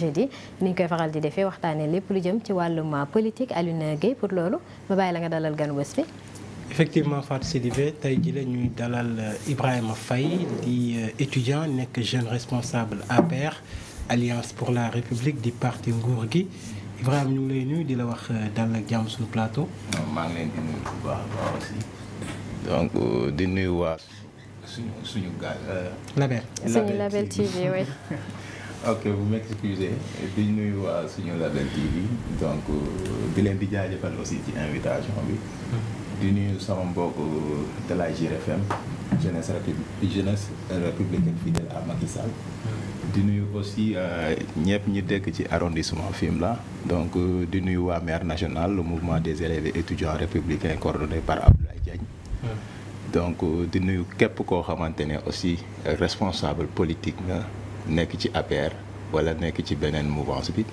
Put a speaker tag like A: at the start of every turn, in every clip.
A: jeudi ni ñu koy faral di defee waxtaanee lépp lu jëm ci wàllum politique Alioune Guèye pour loolu ma bàyyi la nga dalal gan bés bi.
B: effectivement Fatou Sidibé tey jii la ñuy dalal euh, Ibrahima fay di euh, étudiant nekk jeune responsable APR Alliance pour la République di parti nguur gi Ibrahima ñu lay nuyu di la wax euh, dal ak jàmm suñu plateau. maa di
C: nuyu bu baax donc di nuyu waa suñu suñu gars.
B: Label Label TV
C: ok vous m'excusez di nuyu waa suñu Label TV donc di leen di jaajëfal aussi ci invitation bi. di nuyu sama mbokk de la JRFM jeunesse république jeunesse républicaine fidèle à nuyu aussi euh, ñëpp ñi dëkk ci arrondissement Fimela donc di nuyu waa maire national le mouvement des élèves et étudiants républicains coordonné par Abdoulaye Diagne. Hmm. donc di nuyu képp koo xamante ne aussi responsable politique nga. nekk ci APR wala nekk ci beneen mouvance bi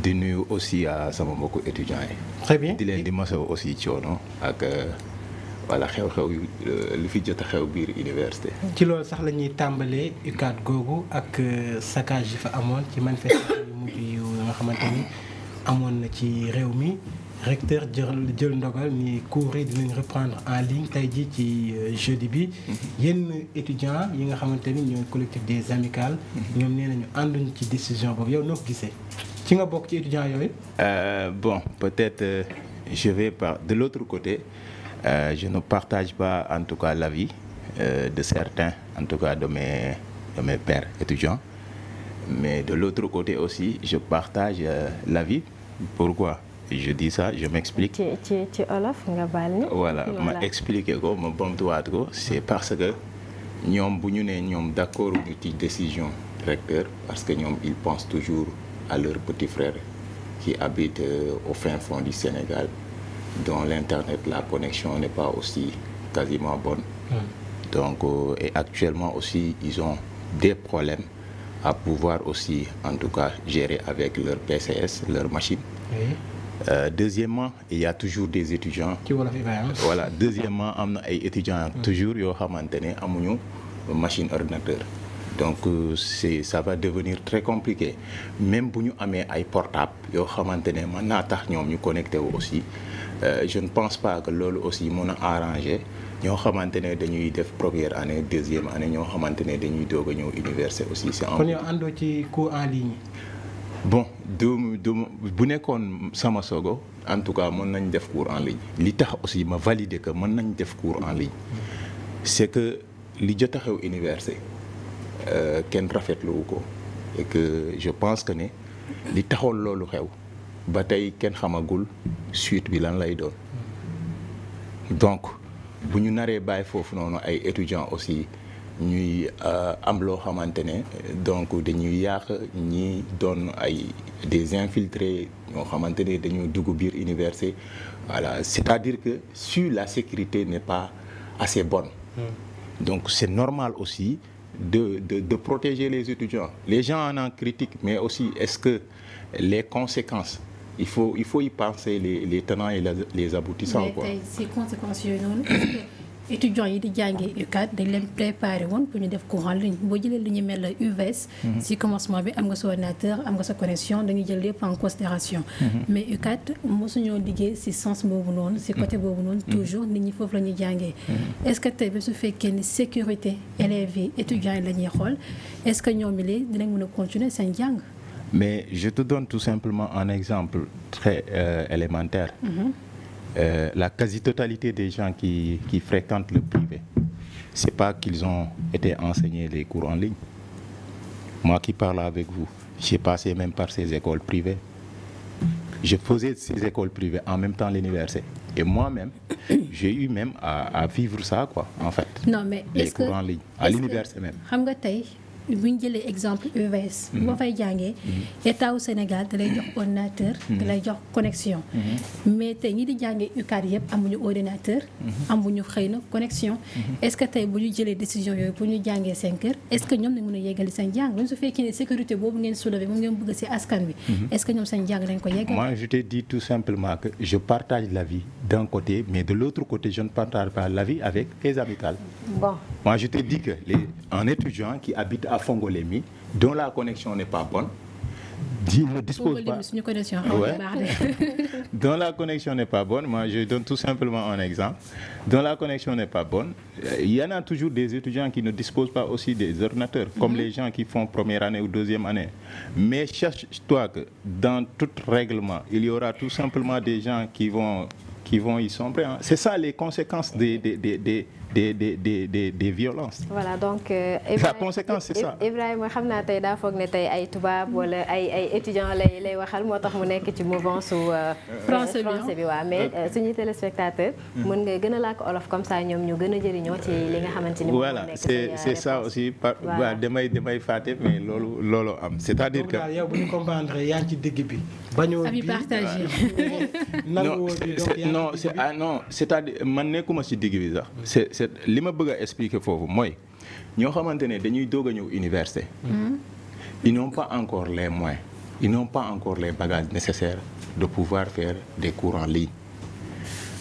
C: di nuyu aussi euh, sama mbokku étudiants yi. très bien di leen di masawu aussi coono ak. voilà euh, xew-xew euh, li fi jot a xew biir université.
B: ci loolu sax lañuy tàmbalee UCAD googu ak saccage yi fa amoon ci manifestation yu mujj yu nga xamante amoon na ci réew mi. recteur jël jël ndogal ni cours yi dinañ reprendre en ligne tey jii ci euh, jeudi bi mhm. yenn étudiants yi nga xamante ni ñooy collectif des amicales mhm. ñoom nee nañu ànduñ ci décision boobu yow noo ko gisee ci nga bokk ci étudiants yooyu euh, bon peut-être euh, je
C: vais par de l'autre côté euh, je ne partage pas en tout cas l'avis euh, de certains en tout cas de mes de mes pères étudiants mais de l'autre côté aussi je partage euh, l'avis pourquoi je dis ça je m'explique.
A: ci ci nga baal ni. voilà ma
C: expliquer ko ma bamtuwaat ko c'est parce que ñoom bu ñu nee ñoom d'accord ñu ci décision recteur parce que ñoom ils pensent toujours à leur petit frère qui habite euh, au fin fond du Sénégal dont l'internet la connexion n'est pas aussi quasiment bonne.
B: Hmm.
C: donc euh, et actuellement aussi ils ont des problèmes à pouvoir aussi en tout cas gérer avec leur PCS leur machine. Euh, deuxièmement il y toujours des étudiants. ci
B: wolof voilà
C: deuxièmement am na ay étudiants. Hmm. toujours yoo xamante ne amuñu machine ordinateur. donc euh, c'est ça va devenir très compliqué même bu ñu amee ay portable yoo xamante ne mën naa tax ñoom ñu connecté wu aussi euh, je ne pense pas que loolu aussi mun a arranger ñoo xamante ne dañuy def première année deuxième années ñoo xamante ne dañuy doog a ñëw université aussi. c'est en
B: ci cours en ligne.
C: bon du du bu nekkoon sama sogo en tout cas mën nañ def cours en ligne li tax aussi ma valider que mën nañ def cours en ligne c'est que li jot a xew université euh, kenn rafetlu wu ko et que je pense que ne li taxoon loolu xew ba tey kenn xamagul suite bi lan lay doon hmm. donc bu ñu naree bàyyi foofu noonu ay étudiants aussi ñuy euh, am loo xamante ne donc dañuy yàq ñi doon ay des infiltrés ñoo xamante ne dañoo dugg biir université voilà c'est-à-dire que si la sécurité n'est pas assez bonne
B: hmm.
C: donc c'est normal aussi de de de protéger les étudiants les gens en en critiquent mais aussi est-ce que les conséquences il faut il faut y penser les les tenants et les aboutissants quoi mais
D: tey si conséquences yooyu noonu étudiants yi di jàngee UCAD dañ leen préparé woon pour ñu def courant ligne boo jëlee li ñu mel la UVS. E si mhm. commencement bi am nga sa ordinateur am nga sa connexion dañu jël lépp en considération mhm. mais UCAD mosuñoo liggéey si sens boobu noonu si côté boobu noonu mhm. toujours nit ñi foofu la ñuy jàngee est-ce que tey su fekkee ni sécurité élèves yi étudiants yi la ñuy xool est-ce que ñoom ilee dinañ mën a continuer seen jàng
C: mais je te donne tout simplement exemple très euh, élémentaire euh, la quasi-totalité des gens qui, qui fréquentent le privé, ce n'est pas qu'ils ont été enseignés les cours en ligne. Moi qui parle avec vous, j'ai passé même par ces écoles privées. Je faisais ces écoles privées en même temps l'université. Et moi-même, j'ai eu même à, à, vivre ça, quoi, en fait.
D: Non, mais est-ce que. En
C: ligne, à l'université même.
D: bu ñu jëlee exemple UVS mm-hmm. boo fay jàngee mm-hmm. état wu Sénégal da lay jox ordinateur mm-hmm. da lay jox connexion mais tey ñi di jàngee UCAD yëpp amuñu ordinateur amuñu xëy na connexion est-ce que tey bu ñu jëlee décision yooyu bu ñu jàngee seen kër est-ce que ñoom ne mën a yeggali seen jàng même su fekkee ne sécurité boobu ngeen soulever moom ngeen bëgg ci askan bi est-ce que ñoom seen jàng dañ ko yeggal moi
C: je te dis tout simplement que je partage l'avis mais de l'autre côté je ne partage pas l'avis avec les à Fongolémi dont la connexion n'est pas bonne dont la connexion n'est pas bonne moi je donne tout simplement un exemple dont la connexion n'est pas bonne euh, il y en a toujours des étudiants qui ne disposent pas aussi des ordinateurs comme mm-hmm. les gens qui font première année ou deuxième année mais cherche-toi que dans tout règlement il y aura tout simplement des gens qui vont qui vont y c'est ça les conséquences des des des des des des violences.
A: voilà donc. Euh, la conséquence xam naa tey daa foog ne tey ay tubaab wala ay ay étudiants lay lay waxal moo tax mu nekk ci mouvance su. Euh, français bi français bi ah. waaw mais euh, téléspectateur. mën mm. nga gën a làkk olof comme ça ñoom ñu gën a jëriñoo ci li nga xamante ni. voilà
C: c'est euh, c'est ça aussi. waaw damay damay fàtte mais loolu loolu am cest à
B: yow bu yaa ci digg bi. bañoo bi partagé.
C: non c'est ah non man nekkuma ci digg bi sax. c'est li ma bëgg a expliquer foofu mooy ñoo xamante ne dañuy doog a ñëw université. Mm-hmm. ils n'ont pas encore les moyens ils n'ont pas encore les bagages nécessaires de pouvoir faire des cours en ligne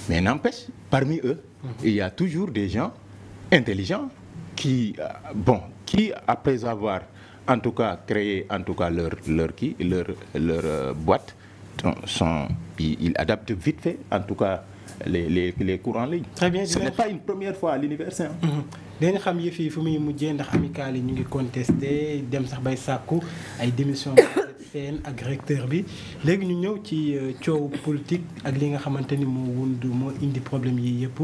C: mais n'empêche parmi eux mm-hmm. il y a toujours des gens intelligents qui euh, bon qui après avoir en tout cas créé en tout cas leur leur qui leur leur euh, boîte ils adaptent vite fait en tout cas les les les cours en ligne.
B: très bien ce n'est pas une première mhm. xam yëf yi fu muy mujjee ndax amicale yi ñu ngi contesté dem sax bay sàkku ay démission seen ak recteur bi léegi ñu ñëw ci euh, coow politique ak li nga xamante ni moo wund moo indi problème yi yëpp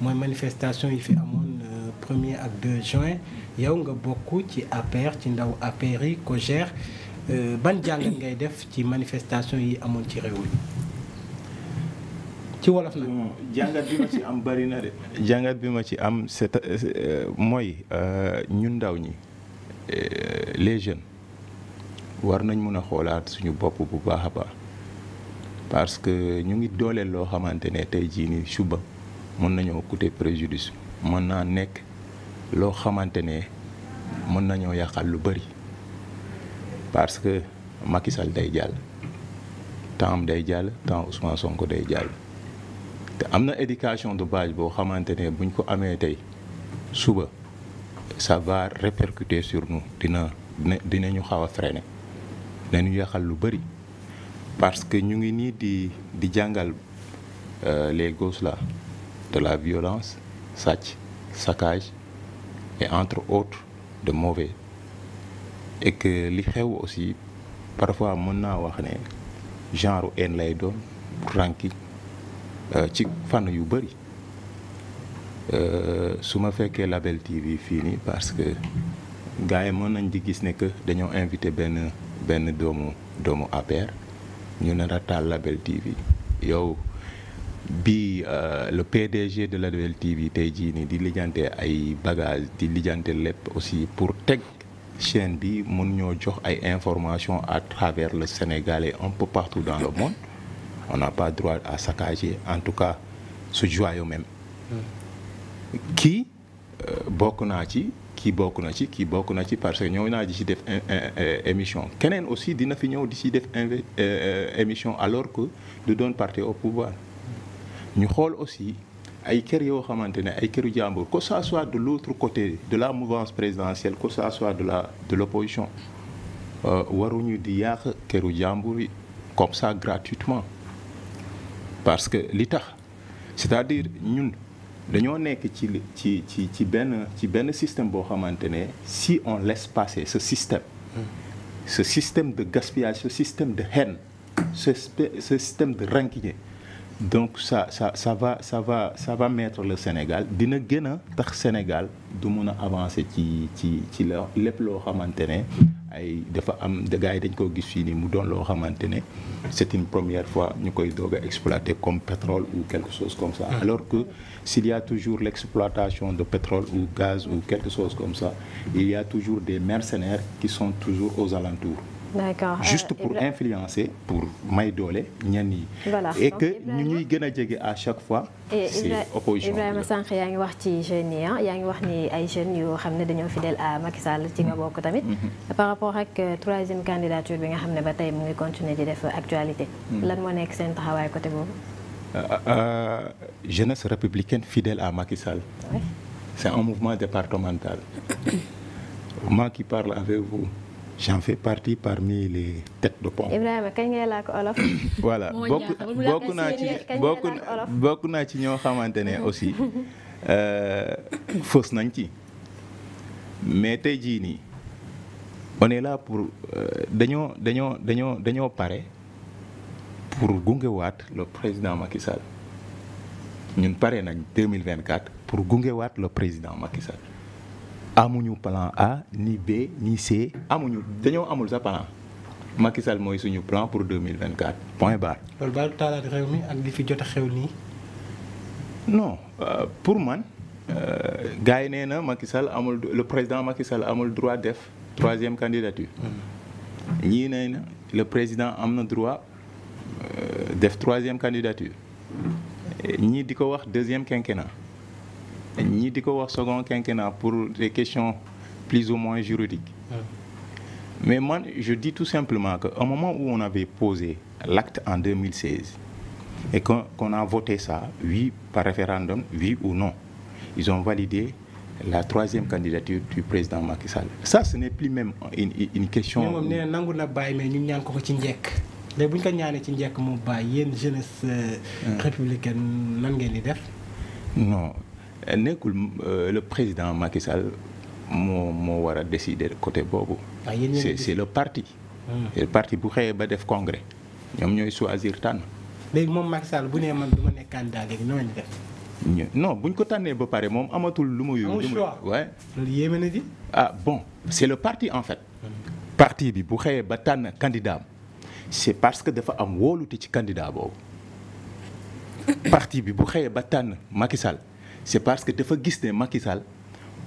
B: mooy manifestation yi fi amoon euh, premier ak 2 juin yow nga bokk ci APR ci ndaw APR yi ko gère euh, ban jàngat ngay def ci manifestation yi amoon ci réew mi ci
C: wolof la. jàngat bari na jàngat bi ma ci am c'est euh, mooy euh, ñun ndaw ñi euh, les jeunes war nañ mën a xoolaat suñu bopp bu baax a baax parce que ñu ngi dooleel loo xamante ne tey jii nii suba mën nañoo coûter préjudice mën naa nekk loo xamante ne mën nañoo yàqal lu bari parce que Macky day jàll temps am day jàll temps Ousmane sonk day jàll. te am na éducation de base boo xamante ne buñ ko amee tey suba ça va répercuter sur nous dina dina ñu xaw a freiner dinañu yàqal lu bëri parce que ñu ngi nii di di jàngal euh, les gosses là de la violence sacc saccage et entre autres de mauvais et que li xew aussi parfois mën naa wax ne genre haine lay doon ranki Euh, ci fànn yu bëri euh, su ma fekkee Label TV fii nii parce que gars yi mën nañ di gis ne que dañoo invité benn benn doomu doomu APR ñu nar a taal Label TV yow bi euh, le PDG de Label TV tey jii nii di lijjante ay bagage di lijjante lépp aussi pour teg chaîne bi mën ñoo jox ay information à travers la Sénégal et un peu partout dans le monde on n'a pas droit à saccager en tout cas su joyau même kii euh, bokk naa ci kii bokk na ci kii bokk na ci parce que ñoo naa di ci def émission keneen aussi dina fi ñëw di ci def euh, émission alors que du doon parti au pouvoir ñu xool aussi ay kër yoo xamante ne ay këru jàmbur que ça soit de l'autre côté de la mouvance présidentielle que ça soit de la de l'opposition euh, waruñu di yàq këru jàmbur yi comme ça gratuitement parce que li tax c'est-à-dire ñun dañoo nekk ci ci ci ci benn ci benn système boo xamante ne si on laisse passer ce système ce système de gaspillage système de haine ce système de rancunier donc sa sa ça va ça va le Sénégal dina gën a tax Sénégal du mun a avancer ci ci ci la lépp loo xamante ne ay dafa am gars dañ koo gis fii nii mu doon loo xamante ne c'est une première fois ñu koy doog a exploiter comme pétrole ou quelque chose comme ça hmm. alors que s'il y toujours l'exploitation de pétrole ou gaz ou quelque chose comme ça il y a toujours des mercenaires qui sont toujours aux alentours
A: d'accord juste euh, pour
C: influencer pour may doole ñenn yi. voilà que ñu ñuy gën a jege à chaque fois. c'est opposition Ibrahima
A: Sànq yaa ngi wax ci jeunes yi ah, yaa ngi wax ni ay jeunes yu xam ne dañoo fidèle à Macky Sall ci nga bokk tamit. Mm-hmm. par rapport ak euh, troisième candidature bi nga xam ne ba tey mu ngi continuer di def actualité. Mm-hmm. lan moo nekk seen taxawaay côté boobu.
C: Euh, jeunesse républicaine fidèle à Macky Sall. c'est un mouvement départemental. moi qui parle avec vous. j'en fais partie parmi les têtes de pont.
A: Ibrahima kañ ngay làkk olof.
C: voilà bokk bokk naa ci bokk bokk naa ci ñoo xamante ne aussi euh, fës nañ ci mais tey jii nii on est là pour euh, dañoo dañoo dañoo dañoo pare pour gungewaat le président Macky ñun pare nañ 2024 pour gungewaat le président Macky amuñu plan A ni B ni C amuñu dañoo amul sa plan Macky mooy suñu plan pour 2024 point barre.
B: loolu baalu taalaat réew mi ak li fi jot a xew nii. non
C: euh, pour man euh, gars yi nee na Macky amul le président Macky Sall amul droit def troisième candidature. Mm-hmm. ñii nee na le président am na droit euh, def troisième candidature ñii di ko wax deuxième quinquennat. ñii di ko wax second quinquennat pour des questions plus ou moins juridiques mais man je dis tout simplement que au moment où on avait posé l'acte en 2016 et qu'on qu'on a voté ça oui par référendum oui ou non ils ont validé la troisième candidature du président Macky Sall ça ce n'est plus même une question. moom nee
B: na nangu na bàyyi mais ñu ñaan ko ko ci njëkk léegi bu ñu ko ñaanee ci njekk moom bàyyi yéen jeunesse euh, républicaine nan ngeen def.
C: nekkul euh, le président Macky moo moo war a décider côté boobu. Ah, c'est c'est le parti. Hmm. le parti bu xëyee ba def congrès ñoom ñooy choisir tànn.
B: léegi moom Macky bu nee man ma nekk candidat léegi
C: buñ ko tànnee ba pare moom amatul lu ma yóbbu. waaye loolu yéeme na di. ah bon c'est le parti en fait. Hmm. parti bi bu xëyee ba tànn candidat am c'est parce que dafa am wóolute ci candidat boobu. parti bi bu xëyee ba tànn Macky c'est parce que dafa gis ne Macky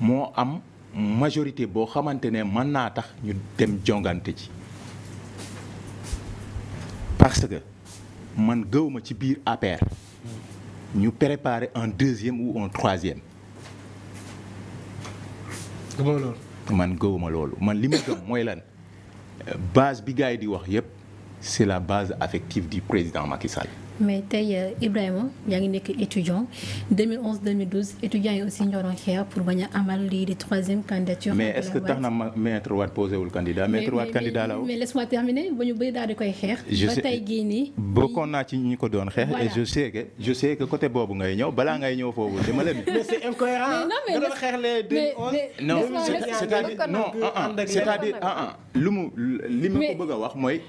C: moo am majorité boo xamante ne mën naa tax ñu dem jongante ci parce que man gëwuma ci biir APR ñu préparer un deuxième ou un troisième. man gëwuma loolu man li ma gëm mooy lan base bi gars yi di wax yépp c'est la base affective du président Macky
D: mais tey euh, Ibrahima yaa ngi nekk étudiant 2011 2012 étudiants yi aussi ñoo doon xeex pour bañ a amal lii di troisième candidature. mais est-ce que tax na
C: maître Wade posé wul candidat maître Wade candidat la mais
D: laisse-moi terminer ba ñu bëri daal di koy xeex. ba tey gii nii
C: bokkoon naa ci ñi ko doon xeex. et je sais que je sais que côté boobu ngay ñëw balaa ngay ñëw foofu dama leen. mais
B: c'est incohérent. mais non mais mais mais
C: non c'est-à-dire non euh, c'est-à-dire lu mu li ma ko bëgg a wax mooy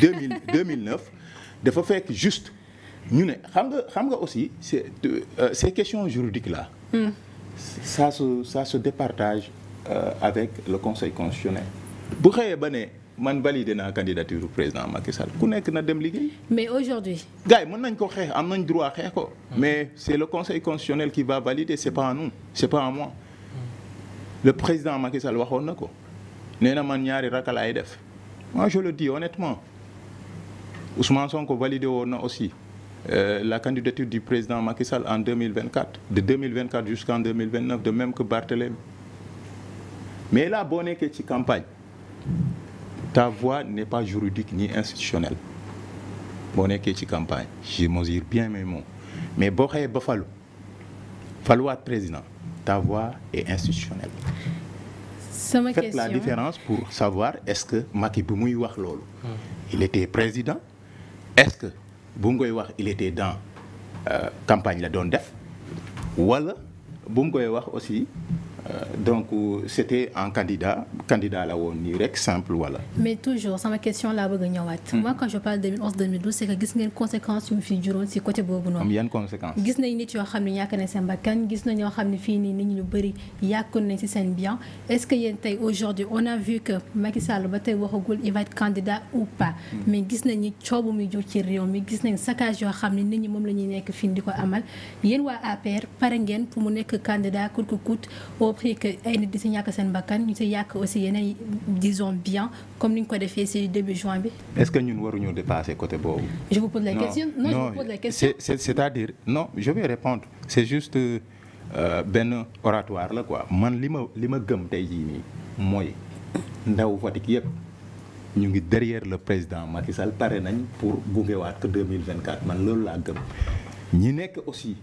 C: 2000 euh, 2009 dafa fekk juste. ñu ne xam nga xam nga aussi c'est euh, ces questions juridiques là. Mm. ça se ça départage euh, avec le conseil constitutionnel. bu xëyee ba ne man validé na candidature président Macky Sall ku nekk na dem ligué mais aujourd'hui gars yi mën nañ ko xeex am nañ droit xeex ko. mais c'est le conseil constitutionnel qui va valider c'est pas à nous c'est pas à moi. Hmm. le président Macky Sall waxoon na ko nee na man ñaari rakk laay def moi je le dis honnêtement Ousmane Sonko validé woon na aussi. euh, la candidature du président Macky Sall en 2024, de 2024 jusqu'en 2029, de même que Barthélémy. Mais là, boo nekkee ci campagne ta voix n'est pas juridique ni institutionnelle boo nekkee ci campagne je mesure bien mais mots mais boo xëyee ba falu faluwaat président ta voix est institutionnelle.
D: sama la différence
C: pour savoir est-ce que Macky bi muy wax loolu. Hmm. il était président est-ce que. bu mu koy wax il était dans euh, campagne la doon def wala bu mu koy wax aussi Euh, donc euh, c'était un candidat candidat la woon nii rek simple wala.
D: mais toujours sama question laa bëgg a ñëwaat. Hmm. moi quand je parle 2011 gis ngeen conséquences yu mu fi juróon ci côté boobu noonu. am
C: yan conséquences. gis
D: nañ nit yoo xam ne ñàkk na seen bakkan gis nañ xam ne fii nii nit ñu bëri yàqoon nañ ci seen bien est que yéen tey aujourd'hui on a vu que Macky ba tey waxagul il candidat ou pas. Hmm. mais gis nañ coobu muy jur ci réew mi gis nañ saccage yoo xam ne nit ñi moom la ñuy nekk fii di compris que ay nit di si ñàkk seen bakkan ñu si yàq aussi yeneen disons bien comme ni ñu ko defee si début juin bi. est-ce
C: que ñun waruñoo dépasser côté boobu.
D: je vous pose la question non je vous pose la question.
C: c'est à dire non je vais répondre c'est juste euh, benn oratoire la quoi man li ma li ma gëm tey jii nii mooy ndaw Fatick yëpp. ñu ngi derrière le président Macky Sall pare nañ pour gungewaat ko 2024 man loolu laa gëm ñi nekk aussi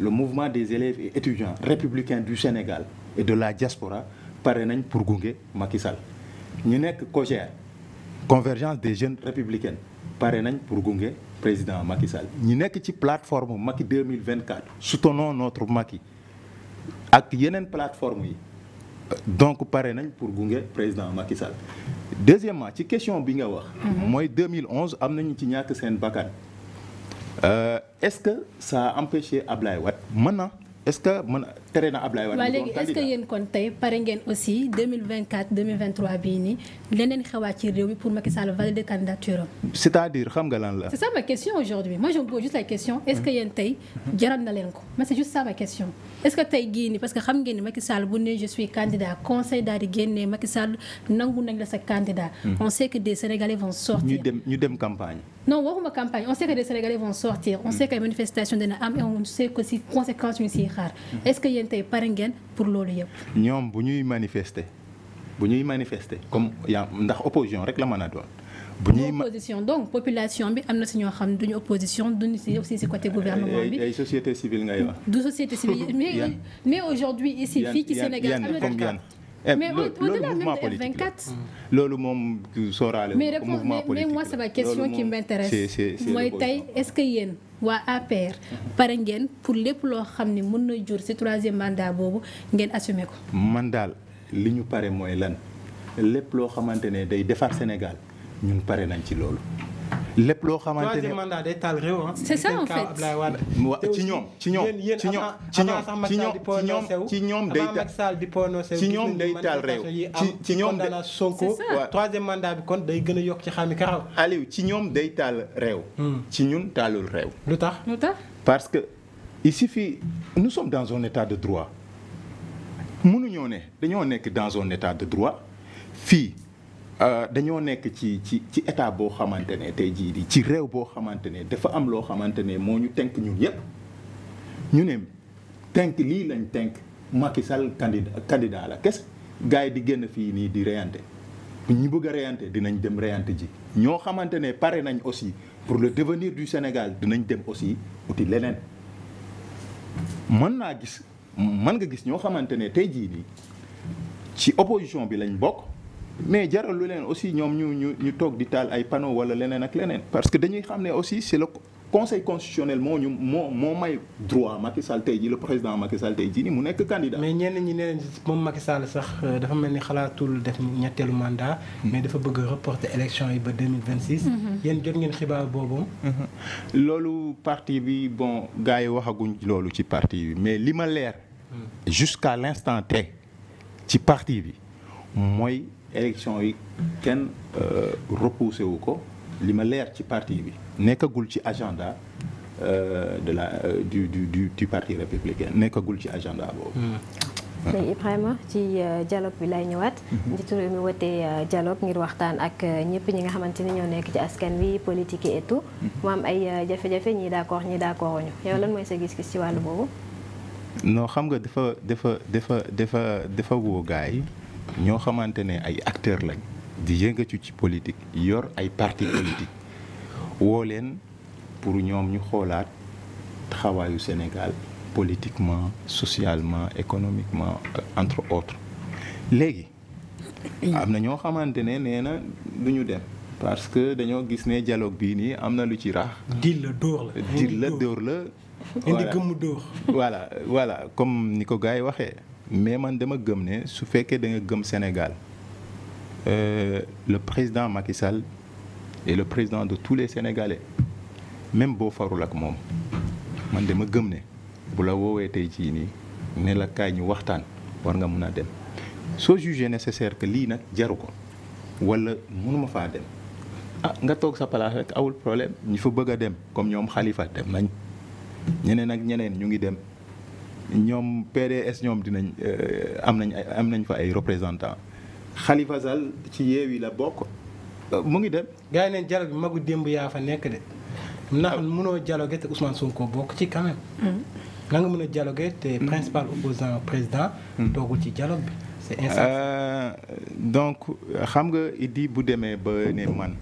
C: le mouvement des élèves et étudiants républicains du Sénégal et de la diaspora pare nañ pour gunge Macky ñu nekk COJER convergence des jeunes républicains pare nañ pour gunge président Macky ñu nekk ci plateforme Macky 2024 soutenons notre maki ak yeneen plateforme yi donc pare nañ pour gunge président Macky Sall deuxièmement ci question bi nga wax mhm. mooy 2011 am nañu ci ñàkk seen bakkan euh, est-ce que sa a empêché Ablaye Wade mën na est-ce que mën tere na Ablaye Wade. waaw léegi est-ce que
D: yéen kon tey pare ngeen aussi 2024 2023 bii nii leneen xewaat ci réew mi pour Macky Sall valider candidature am.
C: c'est-à-dire xam nga lan la. c'est ça
D: ma question aujourd'hui moi je me pose juste la question. est-ce que yéen tey jaral na leen ko mais c'est juste ça ma question. est-ce que tey gii nii parce que xam ngeen ni Macky Sall bu ne je suis candidat conseil daal di génne Macky Sall nangu nañ la sa candidat. Hmm. on sait que des Sénégalais vont sortir. ñu
C: dem ñu dem campagne.
D: non waxuma campagne on sait que des Sénégalais vont sortir. on hmm. sait que manifestation dina am et on sait que si conséquences yu ñu siy xaar. Hmm. est-ce que yéen tey pare ngeen pour loolu yëpp.
C: ñoom bu ñuy manifeste bu ñuy manifester comme yaa ndax opposition rek la mën a doon. bu ñuy
D: opposition donc population bi am na si ñoo xam ne duñu opposition duñu si aussi si côté gouvernement bi.
C: ay société civile ngay wax.
D: du société civile mais aujourd'hui ici fii ci Sénégal am na Eh, mais au-delà même de mm.
C: loolu moom sóoraale mouvement politique mais moi mooy tey
D: est-ce que yéen waa APR pare ngeen pour lépp loo xam ni mën na jur ci troisième mandat boobu ngeen assumé ko
C: man daal li ñu pare mooy lan lépp loo xamante ne day defar Sénégal ñun pare nañ ci loolu lépp loo xamante ne troisième
B: mandat day taal réew ah. c'est ça en
C: fait ci ñoom ci ñoom ci ñoom ci ñoom
B: ci ñoom day ci ñoom day taal réew ci ñoom day Sonko troisième mandat kon day gën a yokk ci xami karaw Aliou ci ñoom day taal
C: réew hmm. ci ñun taalul réew lu tax lu tax parce que il suffit nous sommes dans un état de droit mënuñoo ne dañoo nekk dans un état de droit fii Euh, dañoo nekk ci ci ci état boo xamante ne tey jii di ci réew boo xamante ne dafa am loo xamante ne moo ñu tënk ñun yépp ñu ne tënk lii lañ tenk Macky Sall candidat candidat la kes gars yi di génn fii nii di reyante ñu bëgg a reyante dinañ dem reyante ji ñoo xamante ne pare nañ aussi pour le devenir du Sénégal dinañ dem aussi uti leneen mën naa gis mën nga gis ñoo xamante ne tey jii nii ci opposition bi lañ bokk mais jaral lu leen aussi ñoom ñu ñu ñu toog di taal ay panneaux wala leneen ak leneen parce que dañuy xam ne aussi c'est le conseil constitutionnel moo ñu moo moo may droit Macky Sall tey jii le président Macky Sall tey ji nii mu nekk candidat. mais ñenn ñi ne moom Macky Sall sax
B: euh, dafa mel ni xalaatul def ñetteelu mandat. Mm-hmm. mais dafa bëgg a reporter élection yi ba 2026. Mm-hmm. yéen jot ngeen xibaar boobu.
C: Mm-hmm. loolu parti bi bon gars yi waxaguñ loolu ci parti bi mais li ma leer. Mm. jusqu'à l'instant T ci parti bi mooy. élection yi kenn euh, repoussé wu ko li ma leer ci partie bi nekkagul ci agenda euh, de la euh, du du du du parti républicain nekkagul ci agenda boobu. tey hmm. Ibrahima
A: ci dialogue bi lay ñëwaat. Mhm. njiitu réew mi wootee dialogue ngir waxtaan ak ñëpp ñi nga xamante ni ñoo nekk ci askan wi politique yi et tout. Mhm. mu am ay jafe-jafe ñii d'accord ñii d'accord ñu yow mooy sa gis-gis ci wàllu boobu.
C: noo xam nga dafa dafa dafa dafa dafa woo gars yi ñoo xamante ne ay acteurs lañ di yëngatu ci politique yor ay parti politique woo leen pour ñoom ñu xoolaat taxawaayu Sénégal politiquement socialement économiquement entre autres léegi am na ñoo xamante ne nee na du ñu dem parce que dañoo gis ne dialogue bii nii am na lu ci rax dil la dóor la dil la dóor la indi gëmmu comme ni ko gars yi waxee mais man dama gëm ne su fekkee da nga gëm Sénégal euh, le président Macky Sall est le président de tous les Sénégalais même boo farul ak moom man dama gëm ne bu la woowee tey jii nii ne la kaay ñu waxtaan war nga mun a dem soo jugé nécessaire que lii nag jaru ko wala mënuma faa dem ah nga toog sa place rek awul problème ñi fa bëgg a dem comme ñoom Khalifa dem nañ ñeneen ak ñeneen ñu ngi dem. ñoom PDS ñoom dinañ euh, am nañ ay am nañ fa ay
B: représentants Khalifa Sall ci Yewwi la bokk euh, mu ngi dem. gars yi neen dialogue bi magu démb yaa fa nekk de ndax ah. mënoo dialoguer te Ousmane Sonko bokk ci quand même. mën mm. a dialoguer te mm. principal opposant président. Mm. toogul ci dialogue bi c'est insensé.
C: Euh, donc xam nga Idy bu demee ba ne man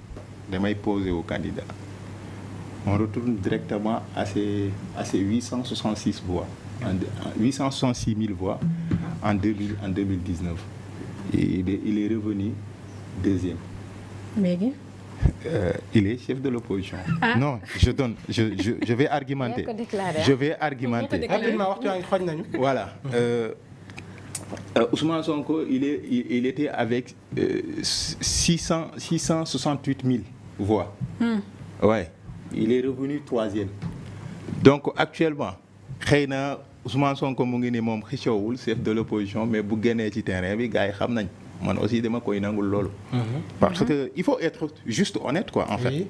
C: damay poser au candidat on directement à ces à ces 866 en 866 000 voix en, 2000, en 2019. Et il, est, il est revenu euh, chef de l'opposition. Ah. non je donne je je je voilà euh, euh, Ousmane Sonko il est euh, cent six cent soixante mille voix. Hmm. ouais il xëy na Ousmane Sonko mu ngi ni moom xiccoowul chef de l'opposition mais bu génnee ci terrain bi gars yi xam nañ man aussi dama koy nangul loolu. Mhm. parce mhm. que il faut être juste honnête quoi en fait.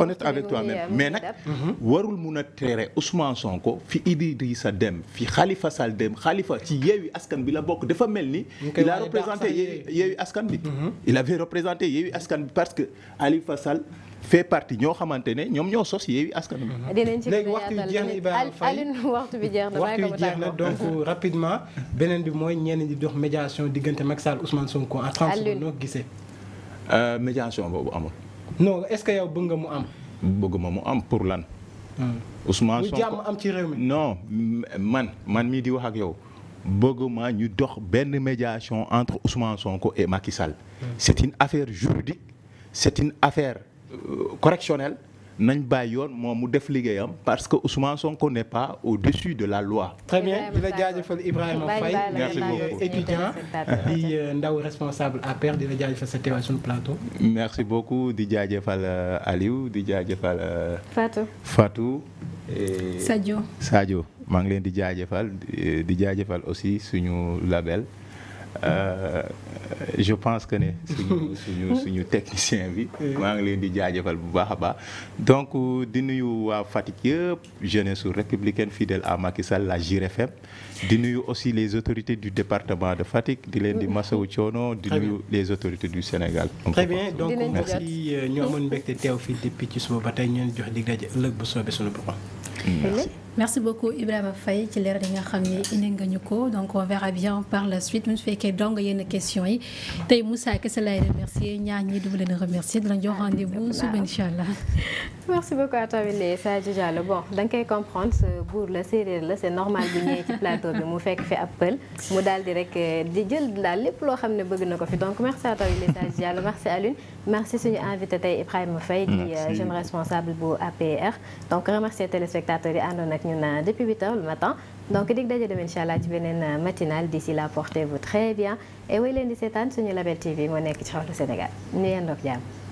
B: honnête avec toi-même mais euh, nag.
C: Mhm. warul mun a tere Ousmane Sonko fi Idrissa dem fi Khalifa sal dem Khalifa ci Yewwi Askan bi la bokk dafa mel ni. il a représenté Yewwi Askan bi. il avait représenté Askan bi parce que ali fa Sall.
B: fait partie ñoo xamante ne ñoom ñoo sos Yewwi Askan Wi.
A: dinañ ci léegi waxtu bi jeex na Ibrahima waxtu bi jeex na waxtu bi jeex na donc
B: rapidement beneen bi mooy ñenn di dox médiation diggante Macky Sall Ousmane Sonko en France noo gise
C: euh, médiation boobu amul. non est-ce que yow bëgg nga mu am. bëgg ma mu am pour lan. Hmm. Ousmane Sonko jàmm am ci réew mi. man man mii di wax ak yow. bëgguma ñu dox benn médiation entre Ousmane Sonko et Macky Sall. Hmm. affaire juridique c'est affaire. correctionnel nañ bàyyi yoon moom mu def liggéeyam parce que Ousmane Sonko n'est pas au-dessus de la loi.
B: très bien di la jaajëfal Ibrahima Faye merci beaucoup étudiant di ndaw responsable APR di la jaajëfal sa teewaay suñu plateau.
C: merci beaucoup di jaajëfal euh, Aliou di jaajëfal. Euh, Fatou Fatou. Sadio Sadio maa ngi leen di jaajëfal di jaajëfal aussi suñu label. Euh, je pense que ne suñu suñu suñu technicien bi maa ngi leen di jaajëfal bu baax a baax donc di nuyu waa Fatick yëpp jeunesse républicaine fidèle à Macky Sall la JRFM di nuyu aussi les autorités du département de Fatick di leen di masawu coono di nuyu les autorités du Sénégal très bien donc merci
B: euh, ñoo amoon mbégte teew fii depuis ci suba ba tey ñoo jox dig daje ëllëg bu soobee suñu boppam merci
D: merci beaucoup Ibrahima fay ci leer yi nga xam ne indi nga ñu ko donc on verra bien par la suite même su fekkee dong yenn question yi tey Moussa Kese laay remercier ñaar ñi dama leen remercier di la jox rendez-vous suba incha allah.
A: merci beaucoup à toi Sadio Diallo bon da nga koy comprendre buur la séeréer la c'est normal bu ñëwee ci plateau bi mu fekk fi appel mu daal di rek euh, di jël daal lépp loo xam ne bëgg na ko fi donc merci à toi Sadio Diallo merci Alioune merci tey Ibrahima Faye di euh, jeune responsable bu APR donc remercier téléspectateurs yi àndoon ak ñun euh, depuis 8 heures le matin donc dig daje dem incha allah ci beneen euh, matinale d'ici là portez-vous très bien et way leen di seetaan suñu Label TV moo nekk ci xolu Sénégal ñu yendoog jàmm